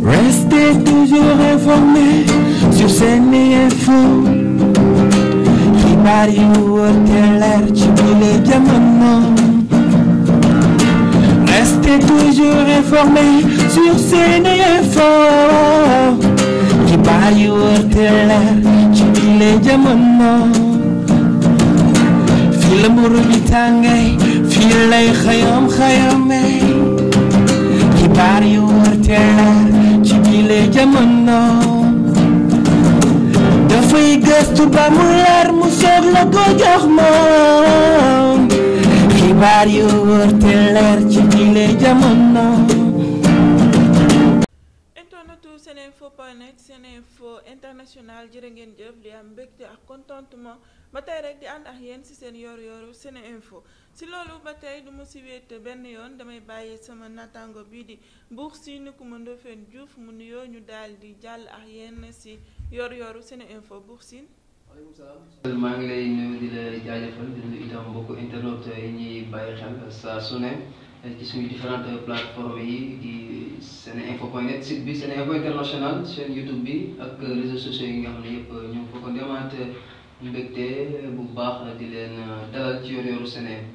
Restez toujours informés sur SeneInfo xibaar yu wóor te ci bile jamono Restez toujours informés sur SeneInfo xibaar yu wóor la mburu bi yu wóor te doxale jamono dafay gëstu ba mu leer mu soog la ko jox moom xibaar yu wër te leer ci bile jamono info point net seen international jërë ngeen jëf li am mbégte ak contentement ba di ànd ak yéen ci seen yoor yooru seen info ci loolu ba tey du ma ci wéet benn yoon damay bàyyi sama nattango bii di buux siin nu ku ma Ndofène Diouf mu nuyoo ñu dal di jàll ak yéen ci yoor yooru seen info buux siin maa ngi lay nuyu di la jaajëfal di nuyu itam mbokku internet yi ñuy bàyyi xel saa su ci suñu différentes plateformes yi di Seneinfo point net site bi Seneinfo international bi ak réseaux sociaux yi nga xam ne yëpp ñu ngi fa ko demaat mbégte bu baax di leen dalal ci Yoor Yooru Seneinfo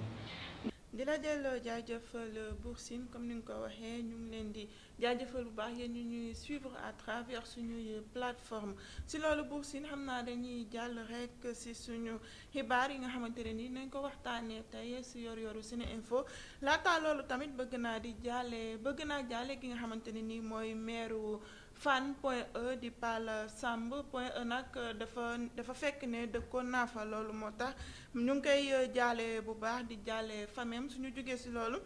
di la delloo jaajëfal euh, Bour Sine comme ni nga ko waxee ñu ngi leen di jaajëfal bu baax yéen ñu ñuy suivre à travers suñuy plateforme si loolu Bour Sine xam naa dañuy jàll rek si suñu xibaar yi nga xamante ne nii nañ ko waxtaanee tey si yor-yoru Sene Info laataa loolu tamit bëgg naa di jàllee bëgg naa jàllee ki nga xamante ne nii mooy meeru. Fann Point E di Palla Samb Point E nag euh, dafa dafa fekk ne dëkkoon naa fa loolu moo tax ñu ngi koy euh, jaale bu baax di jaale famem suñu jógee ci loolu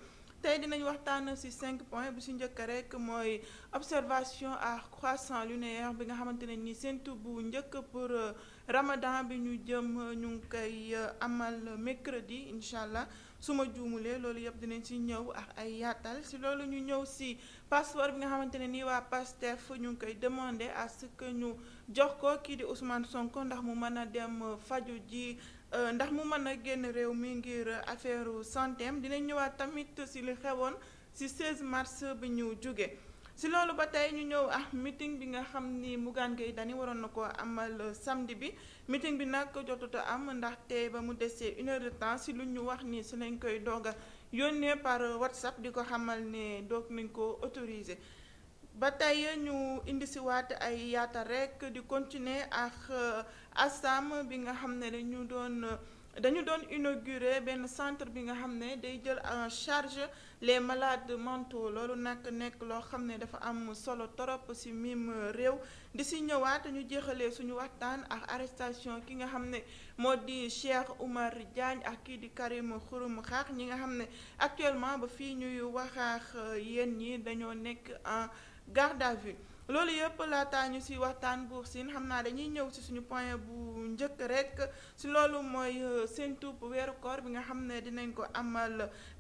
tey dinañ waxtaan ci cinq points bu ci njëkk rek mooy observation à croissant lunaire bi nga xamante ne nii séntu bu njëkk pour euh, Ramadan bi ñu jëm ñu ngi koy amal mercredi incha allah. su ma juumulee loolu yëpp dinañ ci ñëw ak ay yaatal si loolu ñu ñëw si passeport bi nga xamante ne nii waa PASTEF ñu ngi koy demandé à ce ñu jox ko kii di Ousmane Sonko ndax mu mën a dem faju ji euh, ndax mu mën a génn réew mi ngir affaire santé dinañ ñëwaat tamit si li xewoon si 16 mars bi ñu jóge ci loolu ba tey ñu ñëw ax ah, mitin bi nga xam ni Bougane Gueye Dany waroon na ko amal euh, samedi bi mitin bi nag jotut a am te ba mu desee une temps si lu ñu wax ni si lañ koy doog a yónnee par euh, WhatsApp di ko xamal ne doog nañ ko autorisé ba tey ñu indi si waat ay yaata rekk di continuer ak euh, ASAM bi nga xam ne ñu doon. dañu doon inauguré benn centre bi nga xam ne day jël en charge les malade mentaux loolu nag nekk loo xam ne dafa am solo torop ci mim réew di ci ñëwaat ñu jeexalee suñu waxtaan ak arrestation ki nga xam ne moo di Cheikh Oumar Diagne ak kii di Karim Xurum Xaax ñi nga xam ne actuellement ba fii ñuy waxaax yéen ñi dañoo nekk en garde à vue loolu yëpp laataa ñu si waxtaan buur siin xam naa dañuy ñëw si suñu point bu njëkk rek si loolu mooy euh, seen tuub weeru koor bi nga xam ne dinañ ko amal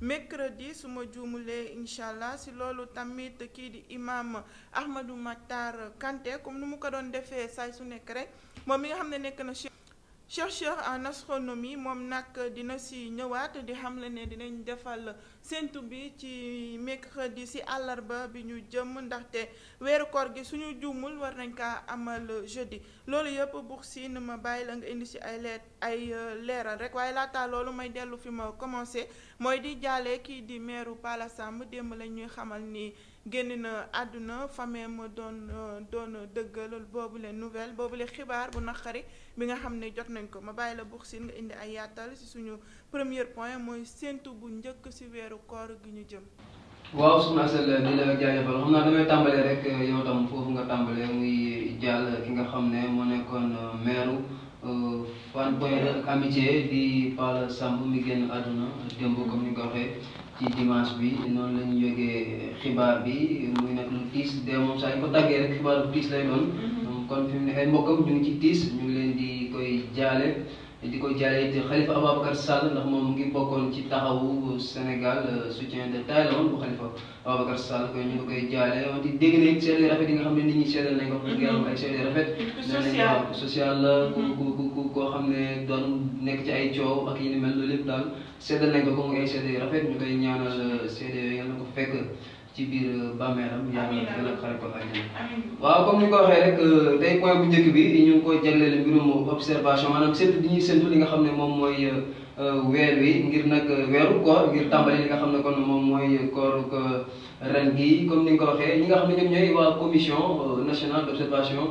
mercredi su ma juumulee incha allah si loolu tamit kii di imam Ahmadou Makhtar Kanté comme nu mu ko doon defee saay su nekk rek moom mi nga xam ne nekk na si chercheur en astronomie moom nag dina si ñëwaat di xam xamle ne dinañ defal séntu bi ci mercredi si àllarba bi ñu jëm ndaxte weeru koor gi suñu juumul war nañ kaa amal jeudi loolu yëpp buux siin ma bàyyi la nga indi si ay leer ay euh, leeral rek waaye laata loolu may dellu fi ma commencé mooy di jaale kii di meeru Pala Samb démb la ñuy xamal nii génne na àdduna fameem doon euh, doon dëggal boobu leen nouvelle boobu leen xibaar bu naqari bi nga xam ne jot nañ ko ma bàyyi la buux siin nga indi ay yaatal ci suñu premier point mooy séentu bu njëkk ci weeru koor gi ñu jëm waaw soxna Sall di la jaajëfal xam naa damay tàmbalee rek yow tam foofu nga tàmbalee muy jàll ki nga xam ne moo nekkoon euh, meeru Fann Point E ak Amitié di Palla Samb mi génn àdduna démb comme ñu ko waxee ci dimanche bi noonu la ñu xibaar bi muy nag lu tiis dee moom saa yu ko tàggee rek xibaar bu tiis lay doon. Mm-hmm. kon fi mu ne ay mbokkam ñu ci tiis ñu leen di koy jaale. di ko jaale it Khalifa Ababacar Sall ndax moom ngi bokkoon ci taxawu Sénégal euh, soutien de taille la woon bu Khalifa Ababacar Sall ko ñu ngi koy jaale wante dégg rafet yi nga xam ne nit ñi seede nañ ko wax dëgg yàlla ay seede hmm. ku ku ku koo xam ne doon nekk ci ay coow ak yi ni mel loolu lépp daal ko comme koy ñaanal euh, seede yooyu yàlla fekk. ci biir bàmmeelam yàlla gën a xare ko àjjana waaw comme ni ko waxee rek euh, tey point bu njëkk bi ñu ngi ko jàllale mbirum observation maanaam séntu di ñuy séntu li nga xam ne moom mooy euh, weer wi ngir nag euh, weeru koor ngir tàmbali li nga xam ne kon moom mooy kooru ko ren gi comme ni nga ko waxee ñi nga xam ne ñoom ñooy waa commission national d' observation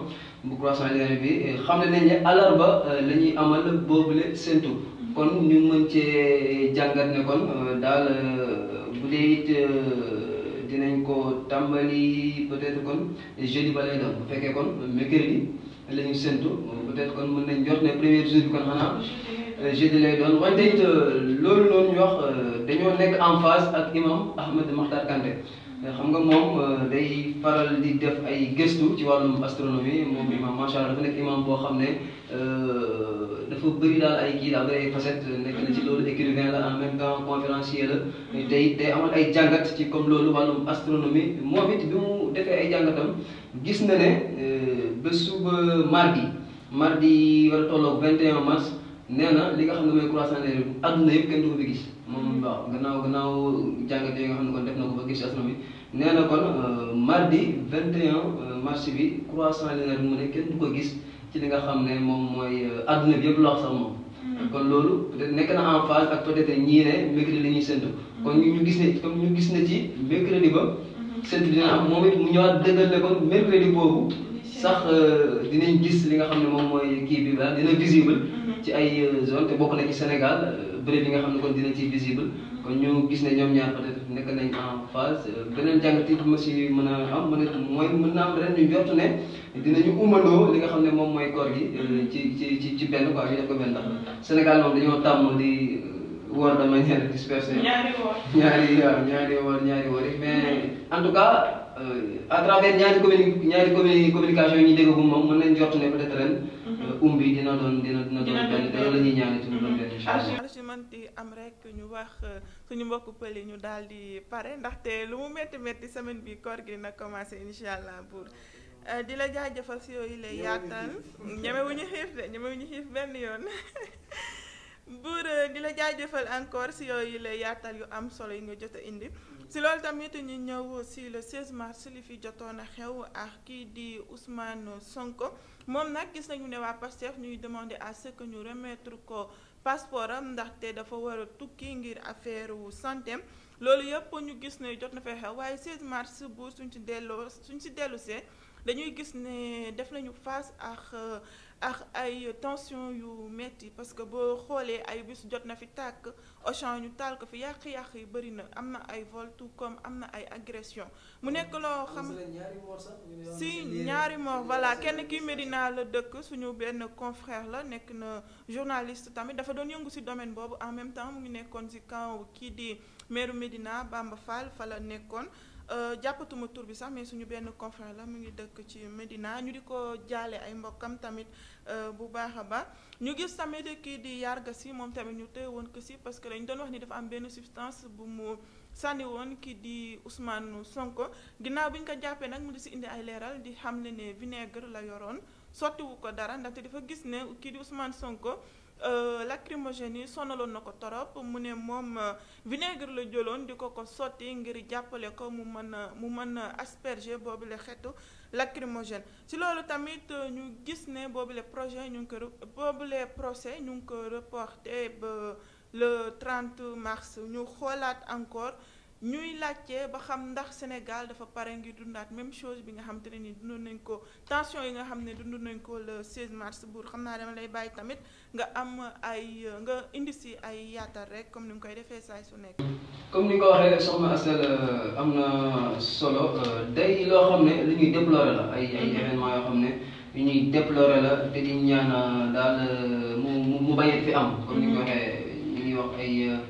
bu croissant lunaire bi xam ne nañ ne alarba la ñuy amal boobule sentu kon ñu mën cee jàngat ne kon dinañ ko tàmbali peut-être kon jeudi ba lay doon bu fekkee kon mercredi la ñu séntu peut-être kon mën nañ jot ne premier jour bi kon xanaa euh, jeudi lay doon wante euh, loolu loolu ñu wax euh, dañoo nekk en phase ak imam Ahmed Makhtar Kanté xam nga moom euh, day faral di def ay gëstu ci wàllum astronomie moom imam macha allah nekk imam boo xam ne euh, dafa bëri daal ay kii daal ay facettes euh, nekk na ci loolu écrivain la en même temps conférencier la day amal ay jàngat ci comme loolu wàllum astronomie moom it bi mu ay jàngatam gis na ne ba suba mardi mardi wala tolloog 21 mars nee na li nga xam ne mooy croissant léegi adduna yëpp kenn du ko fi gis moom waaw gannaaw gannaaw jàngat yi nga xam ne kon def na ko ba gis astronomie nee na kon euh, mardi 21 euh, mars bi croissant lunaire mu ne kenn du gis ci li nga xam ne moom mooy euh, adduna bi yëpp la wax moom. Hmm. kon loolu peut-être nekk na en phase ak peut-être ñii ne mercredi la ñuy séntu. Hmm. kon ñu gis ne comme ñu gis ne ci mercredi ba. Hmm. séntu dina am moom it mu ñëwaat dëggal ne kon mercredi boobu. sax euh, dinañ gis li nga xam ne moom mooy kii bi ba ah, dina visible mhm. ci ay euh, zone te bokk na ci Sénégal euh, bëri yi nga xam ne kon dinañ ci visible mhm. kon ñu gis ne ñoom ñaar peut nekk nañ en phase beneen jàngati bi ma si mën a am mën a mooy mën naa am ren ñu jot ne dinañu umandoo li nga xam ne moom mooy koor gi mhm. ci ci ci ci benn quoi ñu def ko benn ndax Sénégal moom dañoo tàmm di woor de manière dispersée ñaari woor ñaari woor ñaari mais en tout cas Euh, à travers ñaari communi ñaari communi communication yi ñuy dégg bu moom mën nañ jot ne peut ren. Mhm. Euh, um bi dina doon dina doon benn loolu la ñuy ñaanal suñu doon mhm. benn incha man di am rek ñu wax euh, suñu mbokk pël yi ñu daal di pare ndaxte lu mu métti métti semaine bi koor gi na commencé incha allah buur di la jaajëfal si yooyu lay yaatal ñemewuñu xiif de ñemewuñu xiif benn yoon. buur di la jaajëfal encore si yooyu lay yaatal yu am solo yi nga jot a indi. ci loolu tamit ñu ñëw si le 16 mars li fi jotoon a xew ak kii di Ousmane Sonko moom nag gis nañu ne waa Pastef ñuy demander à ce ñu remetre ko passeport am ndaxte dafa war a tukki ngir affaire wu santem loolu yëpp ñu gis ne jot na fay xew waaye 16 mars bu suñ ci delloo suñ si dellusee dañuy gis ne def nañu face ak. ak ay tension yu metti parce que boo xoolee ay bis jot na fi tàkk Auchan ñu taal ko fi yàq-yàq yi bëri na am na ay vol tout comme am na ay agression mu nekk loo xam si ñaari mort voilà kenn ki Médina la dëkk suñu benn confrère la nekk na journaliste tamit dafa doon yëngu si domaine boobu en même temps mu ngi nekkoon si camp kii di meeru Médina Bamba Fall fa la nekkoon Euh, jàppatuma tur bi sax mais suñu benn confrère la mu ngi dëkk ci Medina ñu di ko jaale ay mbokkam tamit euh, bu baax a baax ñu gis tamit kii di yarga si moom tamit ñu téye woon ko si parce que dañu doon wax ni dafa am benn substance bu mu sànni woon kii di Ousmane Sonko ginnaaw bi ñu ko jàppee nag mu di si indi ay leeral di xam ne ne vinaigre la yoroon sottiwu ko dara ndaxte dafa gis ne kii di Ousmane Sonko. Euh, lacrymogène yi sonaloon na ko torop mu ne moom euh, vinaigre la jëloon di ko ko sotti ngir jàppale ko mu mën a mu mën a asperger boobu la xeetu lacrymogène ci loolu tamit euh, ñu gis ne boobule projet ñu ngi ko boobu ñu ngi ko reporté ba le 30 mars ñu xoolaat encore ñuy laajte ba xam ndax Sénégal dafa pare ngir dundaat même chose bi nga xam te ne nii dund nañ ko tension yi nga xam ne dund nañ ko le 16 mars buur xam naa dama lay bàyyi tamit nga am ay nga indi si ay yaatal rek comme ni mu koy defee saay su nekk. comme ni nga ko waxee soxna Asel euh, am na solo euh, day loo xam ne lu ñuy déplorer la ay ay mm-hmm. événements yoo xam ne yu ñuy déplorer la te di ñaan euh, daal mu mu mu bañ fi am. comme ni nga mm-hmm. waxee ñu ngi wax ay.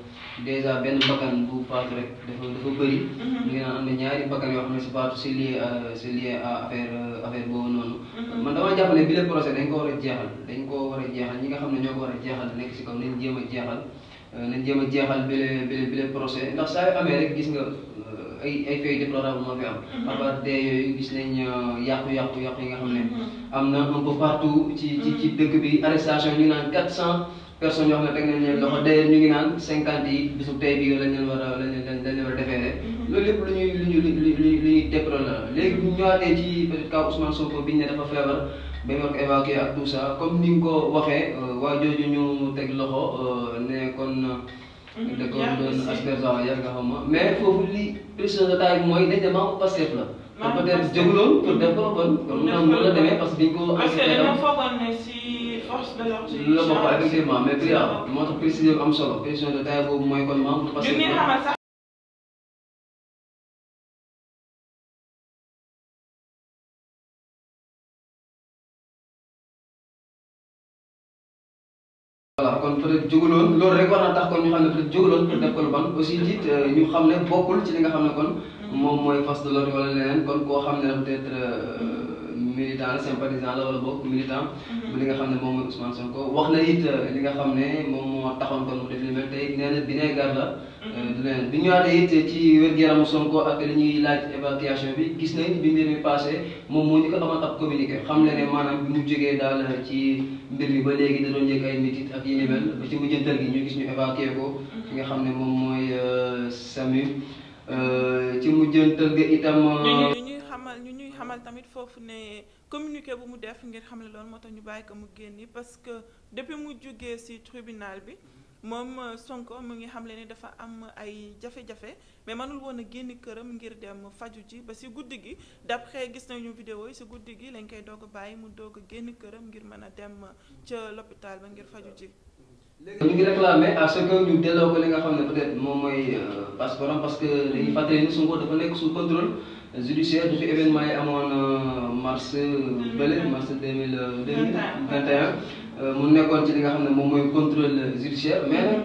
dèjà benn bakkan bu faatu rek dafa dafa bëri. Mhm. ñu na ñaari bakkan yoo xam ne si faatu c'est lié à c'est lié à affaire euh, affaire boobu noonu. Mhm. man damaa jàpp ne bi le procès dañ ko war a jeexal dañ ko war a jeexal ñi nga xam ne ñoo ko war a jeexal nekk si kaw nañ jéem a jeexal euh, nañ jéem a jeexal bi le bi le bi le procès ndax saa yu amee rek gis nga. Euh, ay ay faits déplorables moo fi am. Mhm. à part dee yàqu-yàqu yi nga xam ne. am na un peu partout ci ci ci dëkk bi arrestation ñu na quatre cent. personne ñoo xam ne teg nañ leen loxo d'ailleurs ñu ngi naan cinquante yi bisu tey bii lañ leen war a lañ leen lañ leen war a defee mhm. loolu lépp lu ñuy lu ñuy lu ñuy lu ñuy dépro la léegi bu ñu ñëwaatee ci peut être cas Ousmane Sonko bi ñu ne dafa feebar ba ñu war ko évacuer ak tout ça comme ni nga ko waxee euh, waa jooju ñu teg loxo euh, ne kon. Mhm, da ko doon aspersion yar nga xam ma mais foofu li précision de taille mooy dañ ne maa ko Pastef la. maa ko Pastef la te peut être jóguloon pour def ko kon. kon noonu la demee parce que dañ ko. parce que dañoo foogoon ne si. loolu la bokk effectivement mais prix am moo tax précision bi am solo précision de taille boobu mooy kon maam parce que voilà kon peut être jóguloon loolu rek war na tax kon ñu xam ne peut être jóguloon pour def ko lu bon aussi it euh, ñu xam ne bokkul ci li nga xam ne kon mm. moom mooy fas de l'ordre wala leneen kon koo xam ne peut être euh, militant la sympathisant la wala boog militant mhm. li nga xam ne moom mooy Ousmane wax na euh, li nga xam ne moom moo taxoon kon mu def li mel tey nee na bineegar la mhm. euh, ci wér Sonko ak li laaj évacuation bi gis nañ bi mbir mi moom moo ñu ko amal ab xam na ne maanaam bi mu jógee daal euh, ci mbir mi yi ba ci mujjantal gi ñu gis ñu évacué ko fi mhm. nga xam ne moom mooy SAMU ci mujjantal ga itam xamal tamit foofu ne communiqué bu mu def ngir xam ne loolu moo tax ñu bàyyi ko mu génni parce que depuis mu jóge ci tribunal bi moom euh, Sonko mu ngi xam le ni dafa am ay jafe-jafe mais mënul woon a génn këram ngir dem faju ji ba ci guddi gi d'après gis nañu vidéo yi ci guddi gi lañ koy doog bàyyi mu doog génn këram ngir mën a dem euh, ca l'hôpital ba ngir faju ji léegi ñu ngi réclamé à ce que ñu delloo ko li nga xam ne peut moom mooy euh, passeport parce que li ni Sonko dafa nekk sous contrôle judiciaire dafa événement yi amoon euh, mars euh, bële mars deux euh, de vingt et un mu nekkoon ci li nga xam ne moom mooy contrôle judiciaire mais nag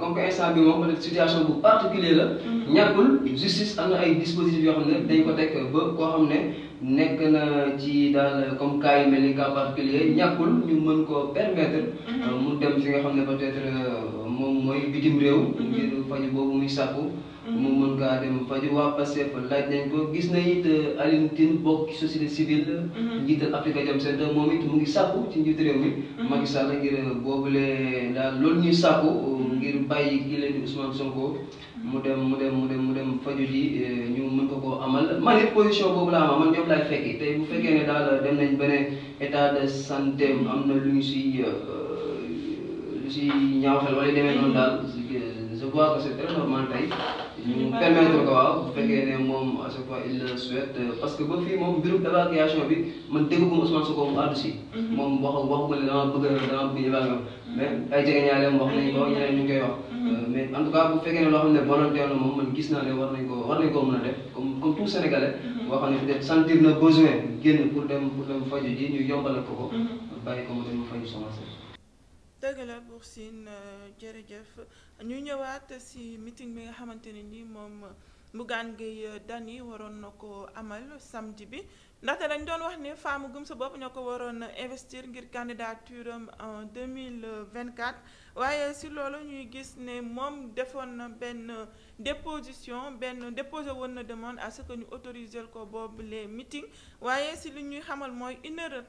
comme que instant bi moom bu particulier la ñàkkul justice am ay dispositifs yoo xam ne dañ ko teg ba koo xam ne nekk na ci daal comme cas yu mel ni cas particulier ñàkkul ñu mën koo permettre mm-hmm. mu dem fi nga xam ne peut être moom mooy bitim réew. Mhm. ngir faju boobu muy sàkku. Mhm. mu mën kaa dem faju waa Pastef laaj nañ ko gis na it euh, Alioune Tine bokk ci société civile. Mhm. njiital Africa Jom Center moom it mu ngi sàkku ci njiitu réew mi. Macky ngir euh, boobule daal loolu ñuy sàkku euh, ngir bàyyi ki leen di Sonko. mu dem mu dem mu dem mu dem faju ji ñu mën ko koo amal man it position boobu laa ma man ñoom laay fekki tey bu fekkee ne daal dem nañ beneen état de santé am na lu ñu si. si ñaaw xel wala demee noonu daal je vois que c' est très normal tey ñu permettre waaw bu fekkee ne moom à chaque il le souhaite parce que ba fii moom bi man dégg ko Ousmane Sonko mu àddu si. Mhm. moom wax wax ko ne dama bëgg dama bëgg mhm. ko ñeneen ñu ngi koy wax. Mhm. Euh, mais en tout cas bu fekkee ne loo xam ne volonté na moom man gis naa ne war nañ ko war nañ koo mën a def comme comme tout Sénégalais. boo xam ne peut-être sentir na besoin génn pour dem pour dem faju ji ñu yombal ko ko. bàyyi ko mu dem mu dëgg la Bour Sine euh, jërëjëf ñu ñëwaat si meeting bi nga xamante ne ni moom Bougane Gueye euh, Dany waroon na ko amal samedi bi ndaxte dañ doon wax ne femme gëm sa bopp ñoo ko waroon na investir ngir candidature am en 2024 waaye si loolu ñuy gis ne moom defoon na benn déposition benn déposé woon na demande à ce que ñu autoriser ko boobu les meeting waaye si li ñuy xamal mooy une heure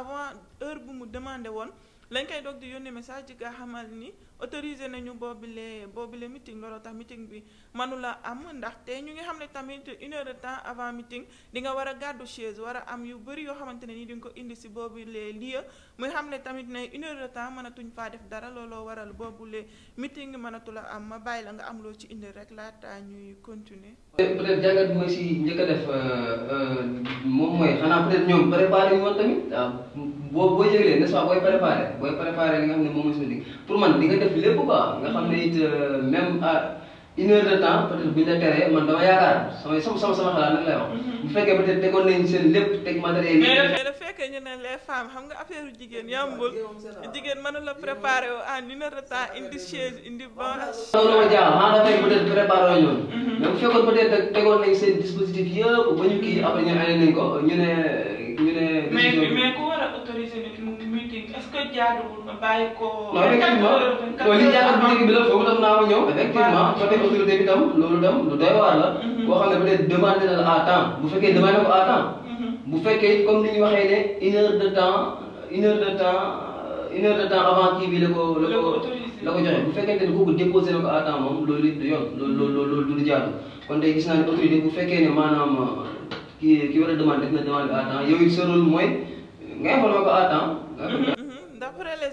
avant heure bu mu demande woon lañ koy dog di yónnee message di nga xamal ni autorisé nañu boobule boobule meeting looloo tax meeting bi mënula am ndax te ñu ngi xam ne tamit une de temps avant meeting di nga war a gàddu chaise war a am yu bëri yoo xamante ne nii di ko indi si boobule lieu muy xam ne tamit ne une heure de temps mënatuñ faa def dara looloo waral boobule meeting mënatula am ma bàyyi la nga am loo ci indi rek laata ñuy continuer. peut-être jàngat mooy si njëkk a def euh, euh, moom mooy xanaa peut ñoom def lépp quoi nga xam ne it euh, même à ah, une heure de temps peut être bu ñu la teree man dama yaakaar samay sama sama sama xalaat nag lay mhm. bu fekkee peut être tegoon nañ seen lépp teg matériel yi. mais le fait que ñu ne les femmes xam nga affaire jigéen yombul jigéen mënu la préparé wu en ah, une heure de temps indi chaise indi bon. loolu ma jaaxal maanaam o peut être préparé wu ñoon mhm. mais bu fekkoon peut être tegoon nañ seen dispositif yëpp ba ñu kii après ñu andi nañ ko ñu ne ñu ne. mais mais que jaaduwul ma bàyyi ko. non effectivement li jaaxal la foofu naa ma ñëw. effectivement côté autorité bi tam loolu tam lu doy waar la. Mhm. boo xam ne peut na la à temps bu fekkee demandé ko à temps. Mhm. bu fekkee comme ni ñu waxee ne une heure de temps une heure de temps une heure de temps avant kii bi la ko la ko. ko joxe bu fekkente ne kooku ko na ko à temps moom loolu it du yoon loolu loolu loolu du jaadu ki day gis naa ne autorité bu fekkee ne maanaam euh, kii ki war a demandé def na demande à temps yow it sa rôle mooy nga informé ko à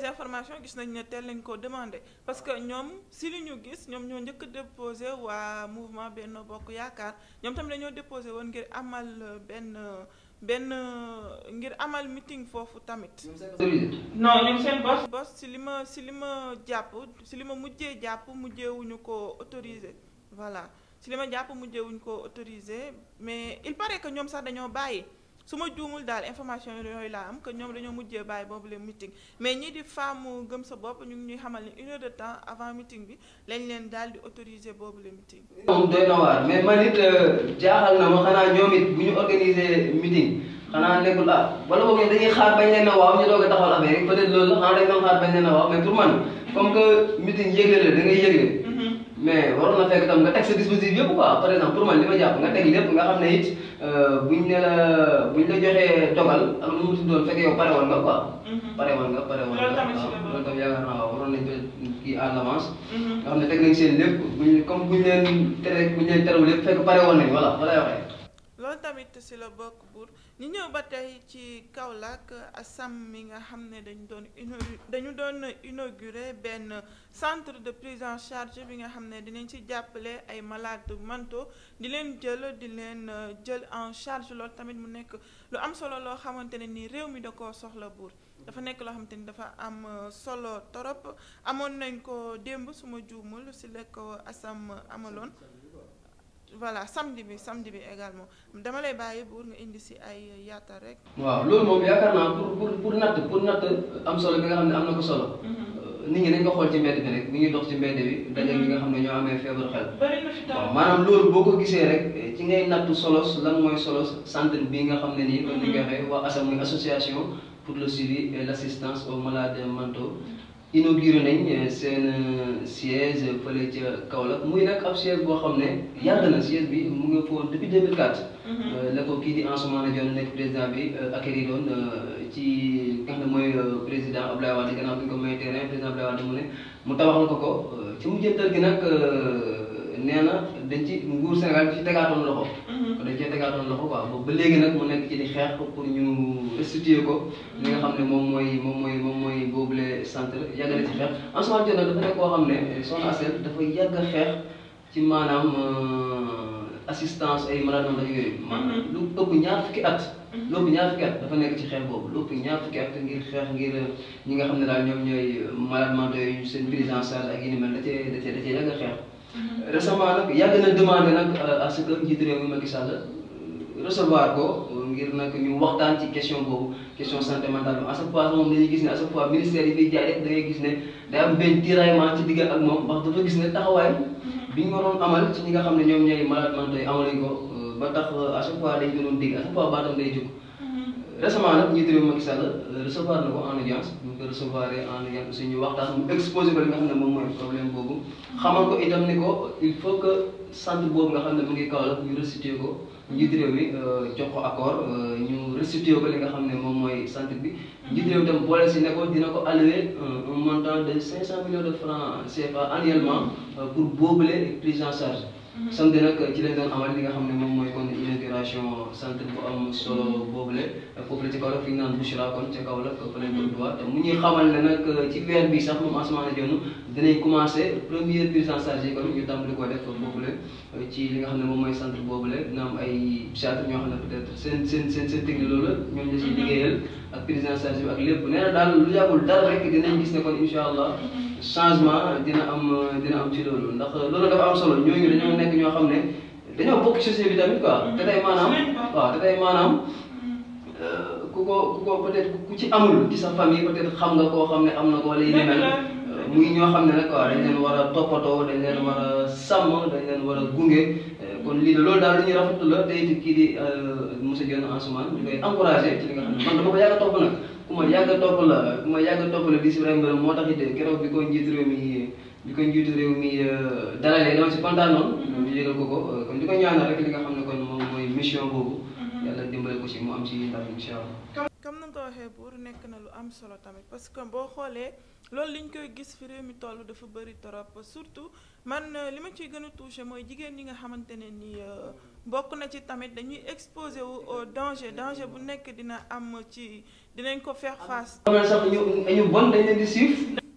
d'information gis nañ ne teel nañ ko demandé parce que ñoom si li ñu gis ñoom ñoo njëkk a déposé waa mouvement benn Bokk Yaakaar ñoom tamit dañoo déposé woon ngir amal euh, benn benn euh, ngir amal meeting foofu tamit. non ñoom seen bos. bos si li ma si li ma jàpp si li ma mujjee jàpp mujjeewuñu ko autorisé voilà ci li ma jàpp mujjee mujjeewuñu ko autorisé mais il paraît que ñoom sax dañoo bàyyi. su ma juumul daal information yooyu laa am que ñoom dañoo mujjee bàyyi boobu le meeting mais ñii di femme gëm sa bopp ñu ngi ñuy xamal ni une heure de temps avant meeting bi lañ leen daal di autoriser boobu le meeting. moom na waar mais man it euh, jaaxal na ma xanaa ñoom bu ñu organiser meeting xanaa nekkul ah wala boog a waaw ñu doog a taxawal affaire yi peut être loolu xanaa dañ doon xaar bañ leen a waaw mais pour man comme que meeting la da ngay mais waroon na fekk tam nga teg sa dispositif yëpp quoi par exemple pour man li ma jàpp nga teg lépp nga xam ne it euh, buñ ne la buñ la joxee dogal ak nu mu tuddoon pare woon nga quoi. Mhm. pare woon nga pare woon nga ko kii à l'avance. Mhm. nga xam ne teg nañ seen lépp buñ comme buñ leen tere buñ leen terewul lépp fekk pare woon nañ voilà fa lay loolu tamit si la bokk buur ñu ñëw ba tey ci Kaolack Assam mi nga xam ne dañu doon dañu doon inauguré benn centre de prise en charge bi nga xam ne dinañ ci jàppale ay malades mentaux di leen jël di leen euh, jël en charge loolu tamit mu nekk lu am solo loo xamante ne ni réew mi da koo soxla buur dafa nekk loo xamante ni dafa am euh, solo torop amoon nañ ko démb suma juumul si lekko ko amaloon voilà samedi bi samedi bi également dama lay bàyyi buur nga indi si ay yaatal rek. waaw loolu moom yaakaar naa pour pour natt pour natt am solo bi nga xam ne am na ko solo. Mm-hmm. nit ñi dañ ko xool ci mbedd bi rek ni ñuy dox ci mbedd bi mm-hmm. daje ñi nga xam ne ñoo amee feebar xel. bëri maanaam loolu boo ko gisee rek ci ngay nattu solos lan mooy solo centre bi nga xam ne nii. comme ni nga mm-hmm. waxee waa ASA muy association pour le suivi et l' assistance aux malades mentaux. inauguré nañ euh, seen euh, siège fële ca Kaolack muy nag ab siège boo xam ne yàgg na siège bi mu ngi a depuis 2004. Mhm. Euh, la ko kii di Ansoumana Dione nekk président bi acquérir doon ci nga xam ne mooy président Abdoulaye Wade gannaaw bi ñu ko may terrain président Abdoulaye Wade mu ne mu tabaxal ko ko ci mujjantal gi nag nee na dañ ci nguur Sénégal ci tegaatoon loxo. Mm-hmm. kon dañ cee tegaatoon loxo quoi boobu ba léegi nag mu nekk ci di xeex pour ñu restituer ko mm-hmm. nga xam ne moom mooy moom mooy moom mooy boobule centre yàgg na ci xeex en ce moment dafa nekk koo xam ne son Asel dafa yàgg xeex ci maanaam euh, assistance ay malade mentaux yooyu mm-hmm. maanaam lu ëpp ñaar fukki at lu ëpp ñaar fukki at dafa nekk ci xeex boobu lu ëpp ñaar fukki at ngir xeex ngir euh, ñi nga xam ne daal ñoom ñooy malade mentaux yooyu seen prise en charge ak yi ni xeex récemment nag ya na demandé nag euh, à ce que njiitu réew mi Macky Sall euh, recevoir ko na nag ñu waxtaan ci question boobu question santé mentale à chaque fois gis ne à chaque fois ministère yi fiy jaay da ngay gis ne day am benn tiraillement ci digg ak moom wax dafa gis ne taxawaay bi ñu waroon amal ci ñi nga xam ne ñoom ñooy malade mental amaluñ ko euh, ba tax à chaque fois dañ ko doon récemment nag njiit réew Macky Sall euh, recevoir na ko en audience ñu ko recevoir en audience aussi ñu waxtaan mu exposé ko li nga xam ne moom mooy problème boobu xamal ko itam ni ko il faut que centre boobu nga xam ne mu ngi Kaolack ñu restitué ko njiit réew mi euh, jox ko accord euh, ñu restitué ko li nga xam ne moom mooy centre bi njiit réew itam boole si ne ko dina ko alloué un montant de cinq cent millions de francs CFA annuellement pour boobule prise en charge Mhm. sant nag ci lañ doon amal li nga xam ne moom mooy kon inauguration centre bu am solo mhm. boobule foofu la ci kaw la fi ñu kon ca kaw la fa lañ koy mu ñuy xamal ne nag ci weer bi sax moom Ansoumana Dione dinañ commencé première prise en charge yi kon ñu tàmbali ko def boobule ci li nga xam ne moom mooy centre boobule dina am ay psychiatre ñoo xam ne peut seen seen seen seen technique loolu la ñoom la siy mhm. liggéeyal ak prise en nee na daal lu yàggul dara rek dinañ gis ne kon incha allah. changement dina am dina am ci loolu ndax loolu dafa am solo ñooñu dañoo nekk ñoo xam ne dañoo bokk ci société bi tamit quoi mm. mm. euh, ko ko ci amul ci sa famille peut-être xam nga koo xam ne am na ko wala yi demee euh, muy ñoo xam ne nag quoi dañ leen war a toppatoo dañ leen war a sàmm dañ leen war gunge kon lii de loolu daal lu ñuy rafetlu la day kii di euh, monsieur Diène Ansoumane ñu koy encouragé ci li nga xam man dama ko yàgg a topp nag ku ma yàgg la ku a topp la di si vraiment moo tax it keroog bi ko njiitu réew mi bi ko njiitu réew mi euh, dalalee dama si kontaanoon. Mm-hmm. ñu yëgal ko ko euh, kon di ko ñaanal rek li nga xam ne kon moom mooy mission boobu. Mm-hmm. yàlla dimbale ko si mu am si ndam incha allah. waxee buur nekk na lu am solo tamit parce que boo xoolee loolu lañ koy gis fi réew mi toll dafa bëri trop surtout man euh, li ma ciy gën a touché mooy jigéen ñi nga xamante ne ni euh, bokk na ci tamit dañuy exposé wu au danger danger bu nekk dina am ci dinañ ko faire face.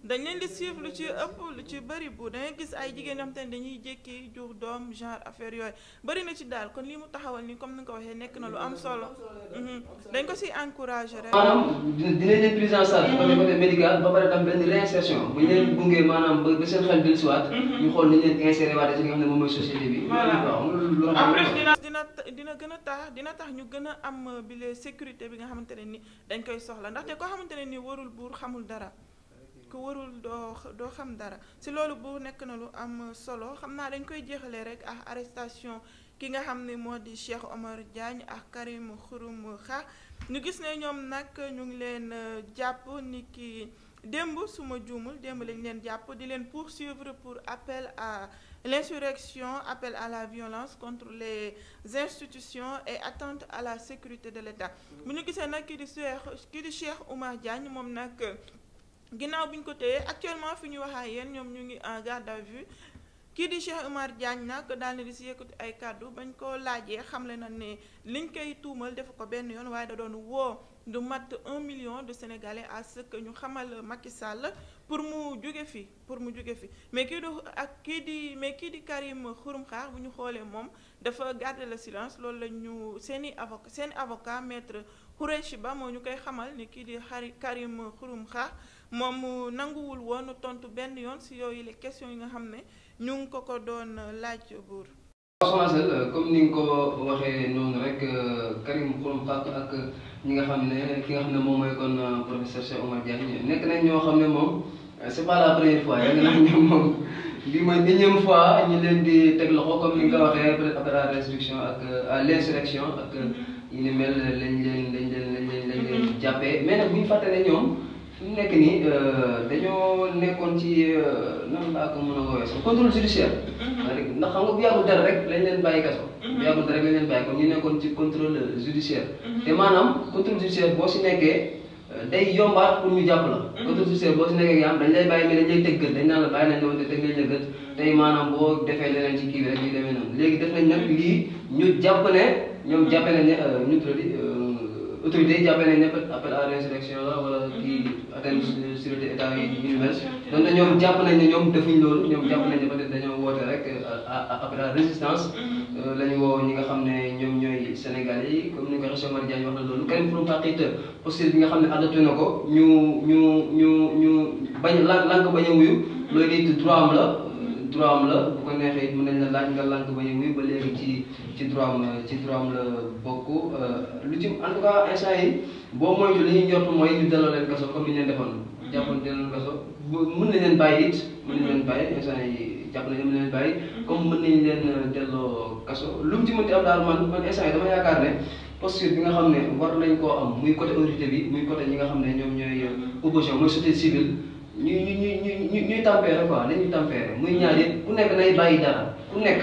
dañ leen di suivre lu ci ëpp lu ci bëri bu dangay gis ay jigéen yoo xam te ne dañuy jékki jur doom genre affaire yooyu bëri na ci daal kon li mu taxawal ni comme ni nga ko waxee nekk na lu am solo mhm. dañ ko siy encouragé rek maanaam dinañ leen prise en charge par le côté médical ba pare tam benn réinsertion bu ñu leen gungee maanaam ba seen xel dellu si waat mhm. ñu xool nañ moom mooy société bi voilà dina dina gën a tax dina tax ñu gën a am euh, bile sécurité bi nga xamante ne ni dañ koy soxla ndaxte koo xamante ne ni warul buur xamul dara ko warul doo doo xam dara si loolu bu nekk na lu am solo xam naa dañ koy jeexalee rek ak arrestation ki nga xam ne moo di Cheikh Omar Diagne ak Karim Xurum Xax ñu gis ne ñoom nag ñu ngi leen euh, jàpp ni ki démb suma ma juumul démb lañ leen jàpp di leen pour poursuivre pour appel à l'insurrection appel à la violence contre les institutions et atteinte à la sécurité de l'État mm. bu ñu gisee nag ki di Cheikh ki di Cheikh Omar Diagne moom nag ginnaaw bi ñu ko téyee actuellement fi ñu waxaa yéen ñoom ñu ngi en garde à vue kii di Cheikh Oumar Diagne nag daal na di si yëkkati ay kàddu bañ koo laajee xamle na ne liñ koy tuumal def ko benn yoon waaye da doon woo du mat un million de sénégalais à ce ñu xamal Macky Sall pour mu jóge fi pour mu jóge fi mais kii di ak kii di mais kii di Karim Xurum Xaar bu ñu xoolee moom dafa garder le silence loolu la ñu seeni avocat seeni avocat maître Khoureyssi Ba moo ñu koy xamal ne kii di xari Karim Xurum Xaar moom mu nanguwul woon tontu benn yoon si yooyu les questions yi nga xam ne ñu ngi ko ko doon euh, laaj euh, buur. waaw euh, comme ni nga ko waxee noonu rek Karim Xrum Xax ak ñi nga xam ne ki nga xam ne moom mooy kon professeur Cheikh Omar Diagne nekk nañ ñoo ne fois yàgg nañ ñoom moom bi mooy énième fois ñu leen di teg loxo comme ni nga ko waxee peut-être restriction ak à l'insurrection ak mm-hmm. ñu mel lañ leen lañ leen lañ leen lañ leen mm-hmm. jàppee mais nag bu fàtte ne ñoom. fi mu nekk nii euh, dañoo nekkoon ci euh, nan ko mën a woowee sax contrôle judiciaire. Mhm. ndax xam na bu yàggul dara rek lañ leen bàyyi kaso. Mhm. bu yàggul dara rek lañ leen bàyyi kon ñu nekkoon ci contrôle euh, judiciaire. Mhm. te maanaam contrôle judiciaire boo si nekkee. day yombaat pour ñu jàpp la. contrôle judiciaire boo si nekkee yaa am dañ lay bàyyi mais dañ lay tëggal dañ naan la bàyyi nañ la woon te tëggal la gët tey maanaam boo defee leneen ci kii bi rek ñu demee noonu léegi def nañ nag lii ñu ne ñoom jàppee nañ ne ñu autorités yi jàppee nañ ne appel à l'insurrection la wala kii atteinte sûreté état yi ñu mel donc ñoom jàpp nañ ne ñoom defuñ loolu ñoom jàpp nañ ne peut-être dañoo woote rek appel à résistance la ñu woo ñi nga xam ne ñoom ñooy Sénégal yi comme ni ko Cheikh Omar Diagne wax na loolu kenn pour taqit posture bi nga xam ne adopté na ko ñu ñu ñu ñu bañ lànk bañ a wuyu loolu it droit am la droit am la bu ko neexee it mën nañ la laaj nga lànk ba ñu wuyu ba léegi ci ci droit am ci droit am la bokk euh, lu ci en tout cas instant yi boo moytu li ñuy njort mooy ñu delloo leen kaso comme ni ñu leen defoon. jàppoon delloo leen kaso mën nañ leen bàyyi it. mën nañ leen bàyyi instant yi jàpp nañ leen bàyyi. comme mën nañ leen euh, delloo kaso lu mu ci mënti am daal man man instant yi dama yaakaar ne posture bi nga xam ne war nañ koo am muy côté autorité bi muy côté ñi nga xam ne ñoom ñooy euh, opposition mooy société civile. ñuy ñuy ñuy ñuy tempéré quoi nañuy tempéré muy mm. ñaar yëpp ku nekk nay bàyyi dara ku nekk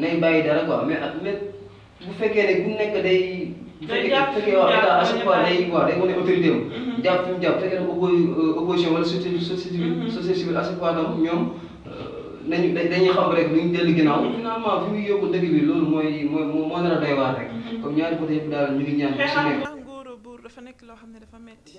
nay bàyyi dara quoi mais ak mais bu fekkee ne bu nekk day. day jàpp fekkee waaw état à chaque fois day waaw day wane autorité am. Mm-hmm. jàpp fi mu jàpp fekkee ne euh, opposition wala société civile société mm-hmm. civile à chaque fois tam ñoom euh, nañu dañuy xam rek lu ñu dellu ginnaaw. Mm-hmm. finalement fi muy yóbbu dëkk bi mooy mooy moo nar a doy waar rek. comme ñaari côté yëpp daal ñu ngi ñaan ci nekk. dafa nekk loo xam ne dafa metti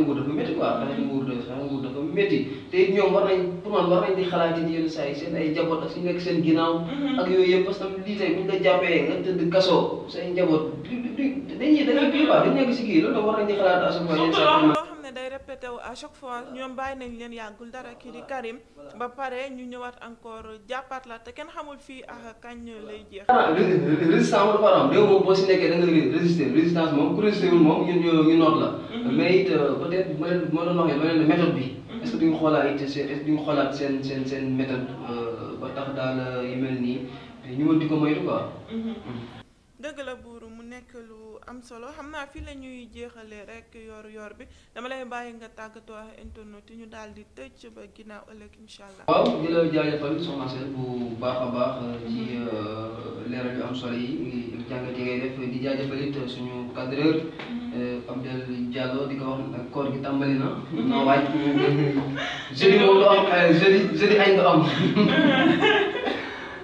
nguur dafa métti quoi xale nguur dafa nguur dafa métti te it ñoom war nañ pour man war nañ di xalaat it yenn saa yi seen ay njaboot ak suñu nekk seen ginnaaw mhm. ak yooyu yëpp parce que lii tey buñ la jàppee nga tëdd kasoo say njaboot du du dañuy dañuy kii quoi dañ nekk si kii loolu war nañ di xalaat à chaque fois répété wu à chaque fois ñoom bàyyi nañ leen yàggul dara kii di Karim ba pare ñu ñëwaat encore jàppaat la te kenn xamul fii ak ah kañ lay jeex. Ah, résistance moom dafa am ku résister moom ñu ñu noot la. Mhm. mais it euh, peut être ma leen ma doon waxee ma leen bi. Mhm. est ce que xoolaat it seen est ce que duñu seen seen seen euh, ba tax daal euh, yu nii ñu mën di ko moytu quoi. Mhm. dëgg la bu. nekk lu am solo xam naa fii la ñuy jeexalee rek yor yor bi dama lay bàyyi nga tàggatoo ak internet ñu daal di tëj ba ginnaaw ëllëg incha allah. waaw di la jaajëfal soxna Sène bu baax a baax euh, ci mhm. euh, solo yi jàngat def di jaajëfal it suñu cadreur mhm. euh, Abdel Diallo di ko wax tàmbali na. non mhm. waaj jeudi moom am jeudi am.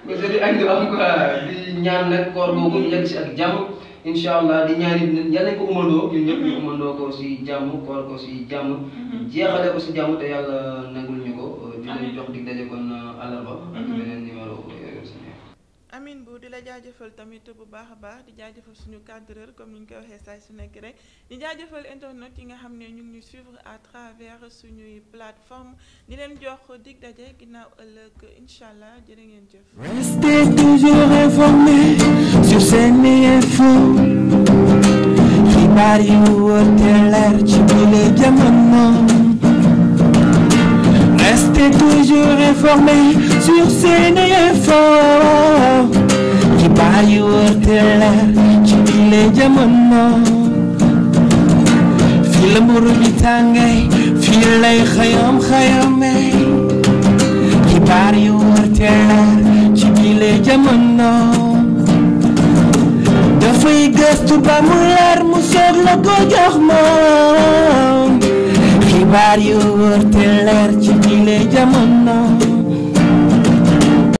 jeudi añ ñaan nag koor googu ñu yegg si ak jàmm. incha allah di ñaanit leen yal nañ ko umandoo ñun ñëpp ñu mm-hmm. umandoo ko si jàmm koor ko si jàmm mm-hmm. jeexale ko si jàmm te yàlla nangul ñu ko euh, di jox dig daje kon euh, àllarba ak mm-hmm. beneen numéro euh, amin bu di la jaajëfal tamit bu baax a baax di jaajëfal suñu cadreur comme ni ñu koy waxee saa su nekk rek di jaajëfal internet yi nga xam ne ñu ngi ñu suivre à travers suñuy plateforme di leen jox dig daje ginnaaw ëllëg incha allah jërë ngeen jëf fii y yu wóor te leer ci bile jamono restez toujours informés sur SeneInfo xibaar yu wóor te leer ci bile jamono fii la mburu bi tàngee fii lay xayam xayamee xibaar yu wóor te leer ci bile jamono dafay gëstu ba mu leer mu soog la ko jox moom xibaar yu wóor te leer ci biir jamono.